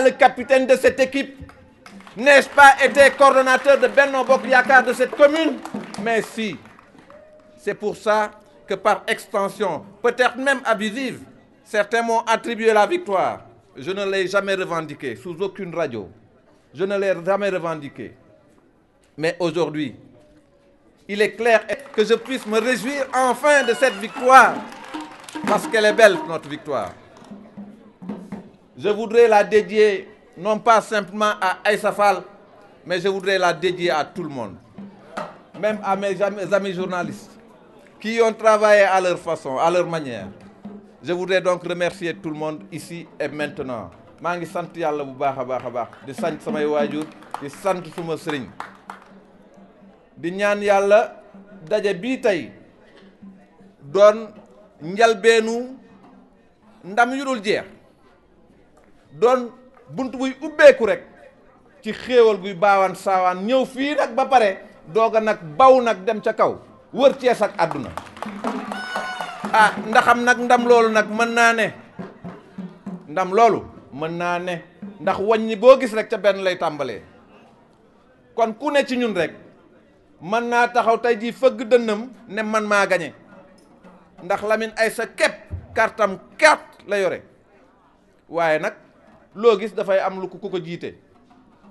le capitaine de cette équipe N'ai-je pas été coordonnateur de Benno Bokliaka de cette commune Mais si. C'est pour ça que par extension, peut-être même abusive, certains m'ont attribué la victoire. Je ne l'ai jamais revendiquée, sous aucune radio. Je ne l'ai jamais revendiquée. Mais aujourd'hui, il est clair que je puisse me réjouir enfin de cette victoire, parce qu'elle est belle, notre victoire. Je voudrais la dédier non pas simplement à Aïsafal, mais je voudrais la dédier à tout le monde. Même à mes amis journalistes qui ont travaillé à leur façon, à leur manière. Je voudrais donc remercier tout le monde ici et maintenant. Mangi sante yalla bu baax a baax di sante samay waajur di sante suma serigne di ñaan yàlla ndam yu dul doon bunt buy ubbeeku rekk ci xéewal guy baawan saawan ñëw fii nag ba pare dooga nag baw nag dem ca kaw wër cees ak àdduna a ah, ndaxam nag ndam loolu nag mën naa ne ndam loolu mën naa ne ndax wàññi boo gis rek ca benn lay tàmbalee kon ku ne ci ñun rekk mën naa taxaw tey jii fëgg dënnam ne man maa gañe ndax Lamine Aïssa képp kartam kart la yore waaye nag loo gis dafay am lu ku ko jiite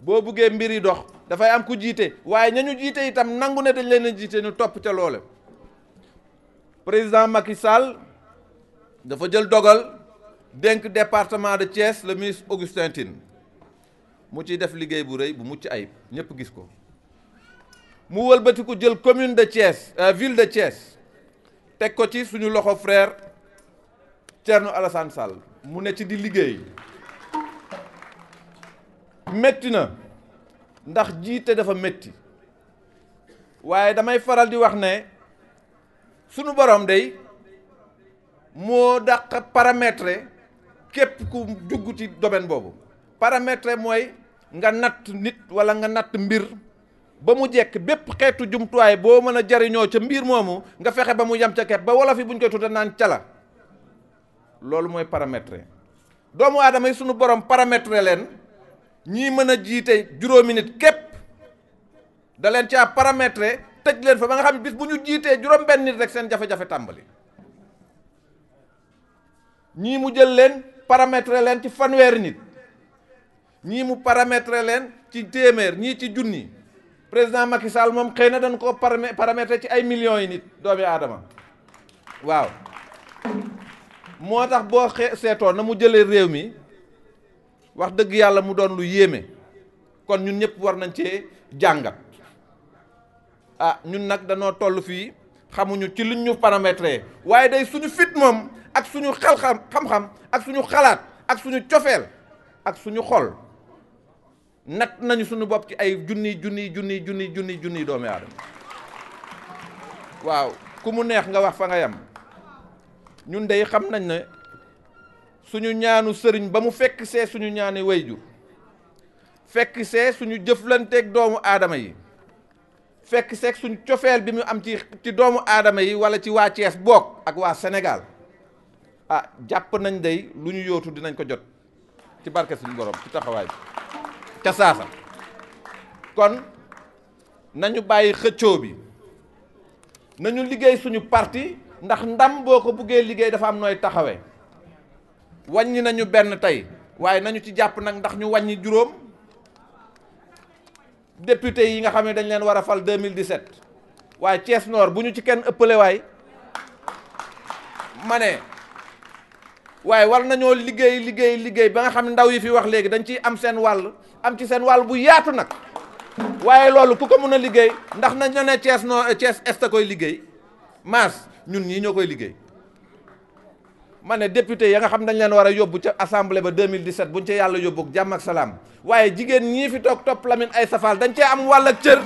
boo buggee mbir yi dox dafay am ku jiite waaye ñañu jiite itam nangu ne dañ leen a jiite ñu topp ca loole président Macky Sall dafa jël dogal dénk département de Thiès le ministre Augustin Tine mu ci def liggéey bu rëy bu mucc ayib ñëpp gis ko mu wëlbatiku jël commune de Thiès euh, ville de Thiès teg ko ci suñu loxo frère Thierno Alassane Sall mu ne ci di liggéey. metti na ndax jité dafa metti waye damay faral di wax né suñu borom day mo dàq paramètre képp ku dugg ci domaine bobu paramètre moy nga nat nit wala nga nat mbir ba mu jekk bép xétu jumtuwaay bo mën a jariñoo ca mbir momu nga fexé ba mu yam ci kép ba wala fi buñ koy tudde naan cala loolu moy paramètre doomu adamay suñu borom paramètre ñii mën a jiite juróomi nit képp da leen caa paramétrer tëj leen fa ba nga xam ne bis bu ñu jiitee juróom benn nit rek seen jafe-jafe tàmbali ñii mu jël leen paramétrer leen ci fanweeri nit ñii mu parametre leen ci téeméer ñii ci junni président Macky Sall moom xëy na dañ koo paramétrer ci ay millions yi nit doomi aadama waaw moo tax boo xee seetoon na mu jëlee réew mi. wax dëgg yàlla mu doon lu yéeme kon ñun ñëpp war nañ ci jàngat a ah, ñun nag danoo toll fii xamuñu ci luñ ñu paramétré waaye day suñu fit moom ak suñu xel-xam xam ak suñu xalaat ak suñu cofeel ak suñu xol nat nañu suñu bopp ci ay junni junni junni junni junni junni doomi aadama waaw ku mu neex nga wax fa nga yam ñun day xam nañ ne suñu ñaanu sëriñ ba mu fekk see suñu ñaani way wayjur fekk see suñu jëflanteek doomu aadama yi fekk see suñu cofeel bi mu am ci ci doomu aadama yi wala ci waa Cees boog ak waa Sénégal ah jàpp nañ dey lu ñu yootu dinañ ko jot ci barke suñu borom ci taxawaay bi ca saasa kon nañu bàyyi xëccoo bi nañu liggéey suñu parti ndax ndam boo ko buggee liggéey dafa am nooy taxawee wàññi nañu benn tey waaye nañu ci jàpp nag ndax ñu wàññi juróom député yi nga xam ne dañ leen war a fal 2017 waaye cees noor bu ñu ci kenn ëppale waay ma ne waaye war nañoo liggéey liggéey liggéey ba nga xam ndaw yi fi wax léegi dañ ciy am seen wàll am ci seen wàll bu yaatu nag waaye loolu ku ko mën a liggéey ndax nañ ne cees Nord cees Est a koy liggéey maas ñun ñii ñoo koy liggéey ma ne député ya nga xam dañ leen war a yóbbu ca assemblée ba 2017 buñ ca yàlla yóbbu ak jàmm ak salaam waaye jigéen ñii fi toog topp Lamine ay Fall dañ cee am wàll ak cër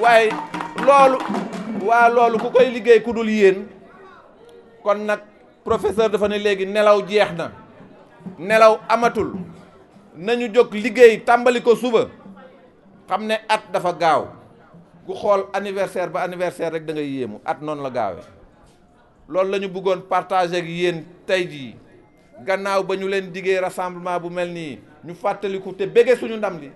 waaye loolu waa loolu ku koy liggéey ku dul yéen kon nag professeur dafa ne léegi nelaw jeex na nelaw amatul nañu jóg liggéey tàmbali ko suba xam ne at dafa gaaw ku xool anniversaire ba anniversaire rek da ngay yéemu at noonu la gaawee loolu la ñu bëggoon partage ak yéen tey jii gannaaw ba ñu leen diggee rassemblement bu mel nii ñu fàttaliku te béggee suñu ndam li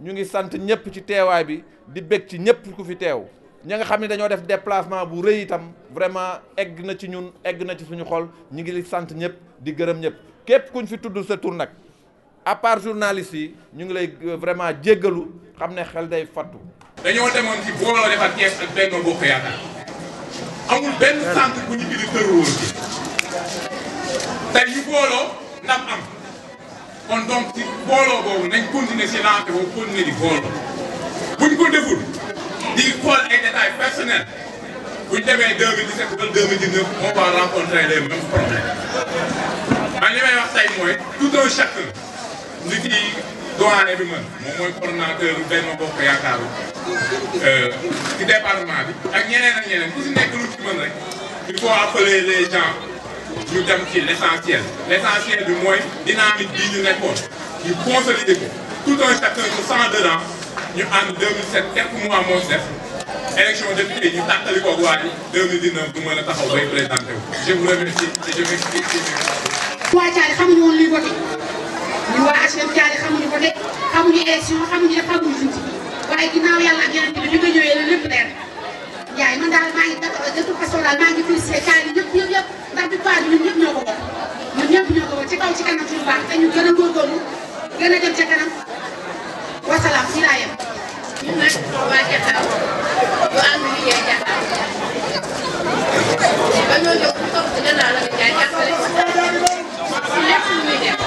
ñu ngi sant ñëpp ci teewaay bi di bég ci ñëpp ku fi teew ña nga xam ne dañoo def déplacement bu rëy itam vraiment egg na ci ñun egg na ci suñu xol ñu ngi sant ñëpp di gërëm ñëpp képp kuñ fi tudd sa tour nag à part yi ñu ngi lay euh, vraiment jéggalu xam ne xel day fattu. dañoo demoon ci booloo defar Thiès ak Benno Bokk Yaakaar amul benn sànq bu ñu indi tërwoon bi tey ñu booloo ndam am kon donc ci booloo boobu nañ continuer ci lancé boobu continuer di booloo buñ ko deful di xool ay détails personnels buñ demee 2017 ba 2019 on va rencontrer les mêmes problèmes man li may wax tey mooy tout un chacun li doyen bi man moom mooy coordonnateur Benno Bokk Yaakaar euh, ci département bi ak ñeneen ak ñeneen ku si nekk lu ci mën rek il faut appeler les gens ñu dem ci l' essentiel l' essentiel bi mooy dynamique bii ñu nekkoon ñu consolider ko tout un chacun de cent dedans ñu ànd 2007 quelques mois moo si def élection député ñu tàqali ko ak waa ji 2019 du mën a taxaw bay présenté wu je vous remercie et je m'explique. waa Thiaw xam nga woon lii ñu waa HLM Thiali xamuñu ko de xamuñu élection xamuñu def xamuñu suñ ci waaye ginnaaw yàlla ak yeneen bi bi nga ñëwee la lépp leer Ndiaye man daal maa ngi de toute façon daal maa ngi félicité Thiali ñëpp ñëpp ñëpp ndax bi quoi ñun ñëpp ñoo ko bokk ñun ñëpp ñoo ko bokk ci kaw ci kanam suñu baax te ñu gën a góorgóorlu gën a dem ca kanam wasalaam si laa yem. ñun nag waa Jaxaaw ñu ànd liggéey Jaxaaw ba ñoo jóg ku topp ci gannaaw la nga jaay jàppale si lépp lu muy def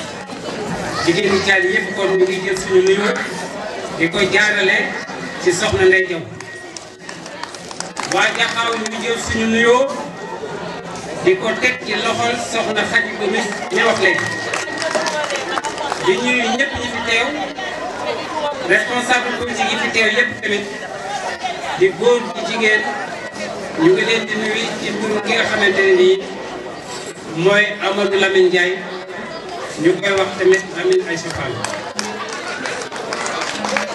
jigéen ñi taal yëpp kon ngi jël suñu nuyu di ko jaarale ci soxna Ndeye Diaw waa Jaxaaw ñu jël suñu nuyoo di ko teg ci loxol soxna Xadi ba mis ñu wax di ñuy ñëpp ñi fi teew responsable politique yi fi teew yëpp tamit di góor di jigéen ñu ngi leen di nuyu ci turu ki nga xamante ne nii mooy Amadou Lamine Ndiaye ñu koy wax tamit Amine Aïcha Fall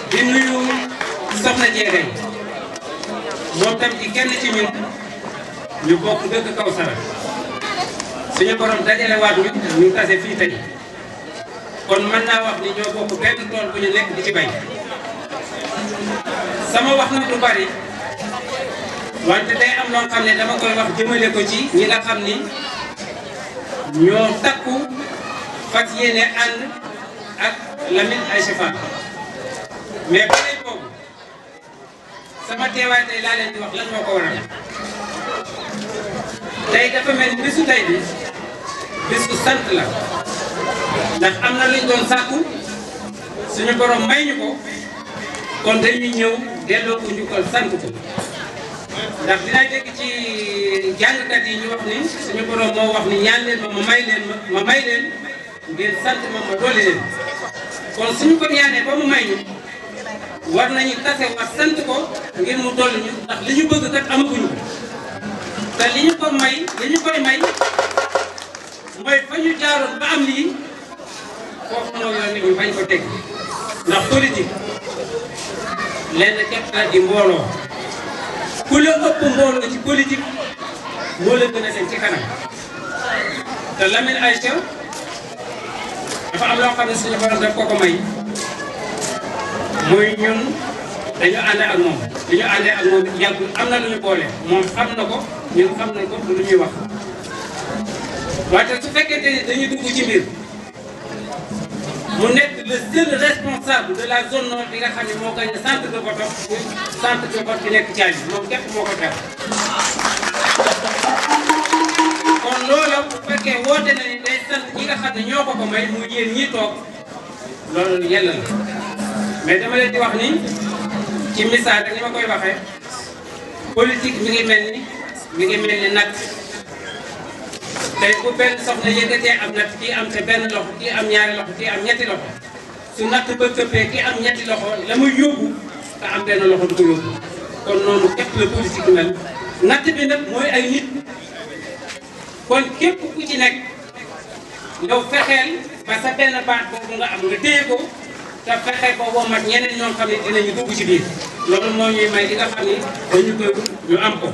di nuyu soxna Jeereen moom tam ci kenn ci ñun ñu bokk dëkk Kawsara suñu borom dajalewaat ñu ñu fii tey kon mën naa wax ni ñoo bokk benn tool bu ñu nekk di ci bay sama wax nag lu bari wante day am loo xam ne dama koy wax jëmale ko ci ñi nga xam ni ñoo takku fas yéene ànd ak Lamine Aïcha Fall mais beneen boobu sama teewaay tey laa leen di wax lan ko waral tey dafa mel bisu tey bi bisu sant la ndax am na luñ doon sàkku suñu borom may ñu ko kon dañuy ñëw delloo ko njukkal sant ko ndax dinaa dégg ci jàngkat yi ñu wax ni suñu borom moo wax ni ñaan leen ma ma may leen ma may leen. ngeen sant ma ma dolli leen kon suñu ko ñaanee ba mu may ñu war nañu tase wax sant ko ngir mu dolli ñu ndax li ñu bëgg kat amaguñu te li ñu ko may li ñu koy may fa ñu jaaroon ba am lii foofu noonu la nit ñi bañ ko teg ndax politique lenn képp la di mbooloo ku la ëpp mbooloo ci politique moo la gën a dem ci kanam te Lamine Aïcha dafa am loo xam ne suñu borom daf ko ko may muy ñun dañu ànd ak moom li àndee ak moom yàggul am na lu boole moom am na ko ñun am nañ ko du lu ñuy wax wante su fekkente ni dañuy dugg ci mbir mu nekk le seul responsable de la zone nord nga xam ne moo koy sant centre de vote muy centre de vote bi nekk Thialy moom képp moo ko def kon fekkee woote nañu nga xam ne ñoo ko ko may muy yéen ñii toog loolu yell na mais dama leen di wax ni ci misaal rek ni ma koy waxee politique mi ngi mel ni mi ngi mel ni nag tey bu benn soxna yëkkatee am nag kii am te benn loxo kii am ñaari loxo kii am ñetti loxo su natt ba këppee kii am ñetti loxo la muy yóbbu te am benn loxo du ko yóbbu kon noonu képp la politique mel natt bi nag mooy ay nit kon képp ku ci nekk. yow fexeel ba sa benn baat boobu nga am nga téye ko te fexe ko boo mat ñeneen ñoo xam ne dinañu dugg ci biir loolu moo ñuy may li nga xam ni dañu koy ñu am ko.